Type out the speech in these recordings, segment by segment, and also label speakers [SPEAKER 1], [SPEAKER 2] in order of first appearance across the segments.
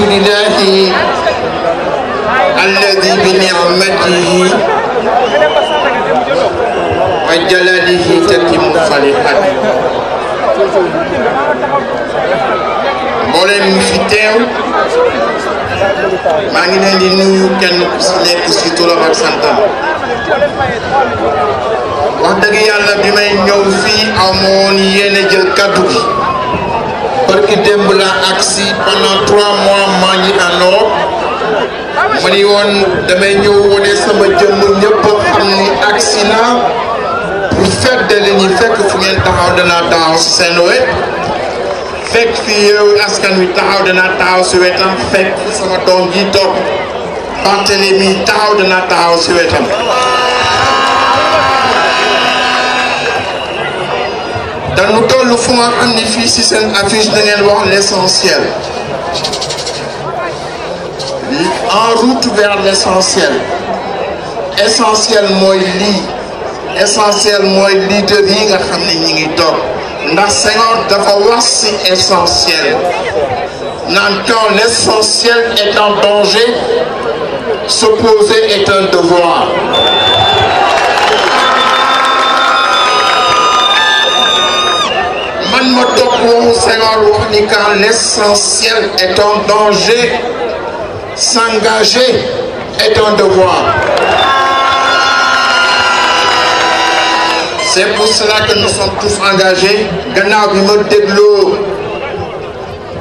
[SPEAKER 1] الحمد لله الذي بنعمته وجلاله تتم صالحات mboolem mi fi teew maa ngi leen di nuyu kenn ku si nekk si turam ak santam wax dëgg yàlla bi may ñëw fii amoon yéene jël kaddu gi barki démb la agsi trois mois ma ni woon damay ñëw wone sama jëmm ñëpp xam ni agsi naa pour feddali ñi fekk fu ngeen taxaw dana taxaw si seen wet fekk fi yeewu askan wi taxaw danaa taxaw si wetam fekk sama doom ji toog Barthélémy taxaw danaa taxaw si wetam dañu toll fu nga xam ni fii ci seen affiche da ngeen wax l'essentiel route essentiel mooy lii essentiel mooy leader yi nga xam ne ñi ngi door ndax Senghor dafa wax ci essentiel naan quand l'essentiel est en danger s'opposer est un devoir man ma topp waxu ni quand l'essentiel est en danger s'engager est un devoir. C'est pour cela que nous sommes tous engagés gannaaw bi ma dégloo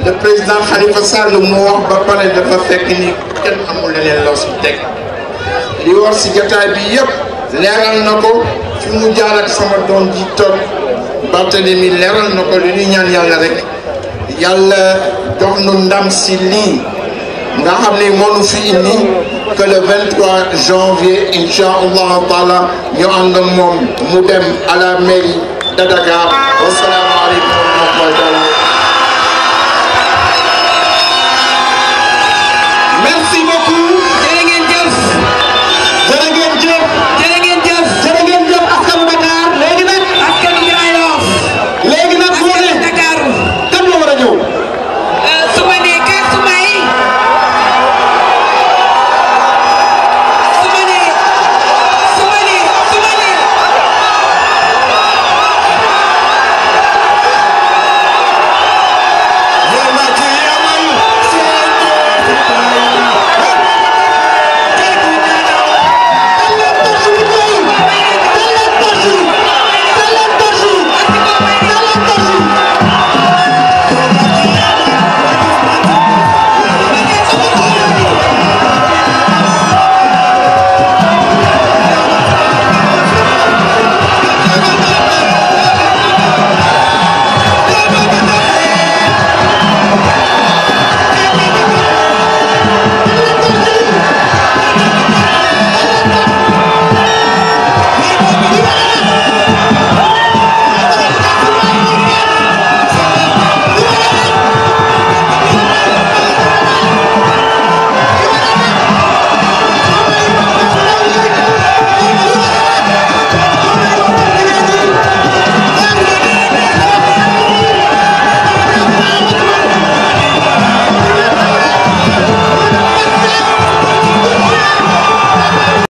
[SPEAKER 1] le président Khalifa Sall mu wax ba pare dafa fekk ni kenn amul leneen loo si teg li war si jotaay bi yëpp leeral na ko fi mu jaar ak sama doom ji toog leeral na ko li ñuy ñaan yàlla rek yàlla jox nu ndam si lii. nga xam ni moo ñu fi indi que le 23 janvier incha allahu taala ñu ànd ak moom mu dem à la mairie de Dakar wasalaamaaleykum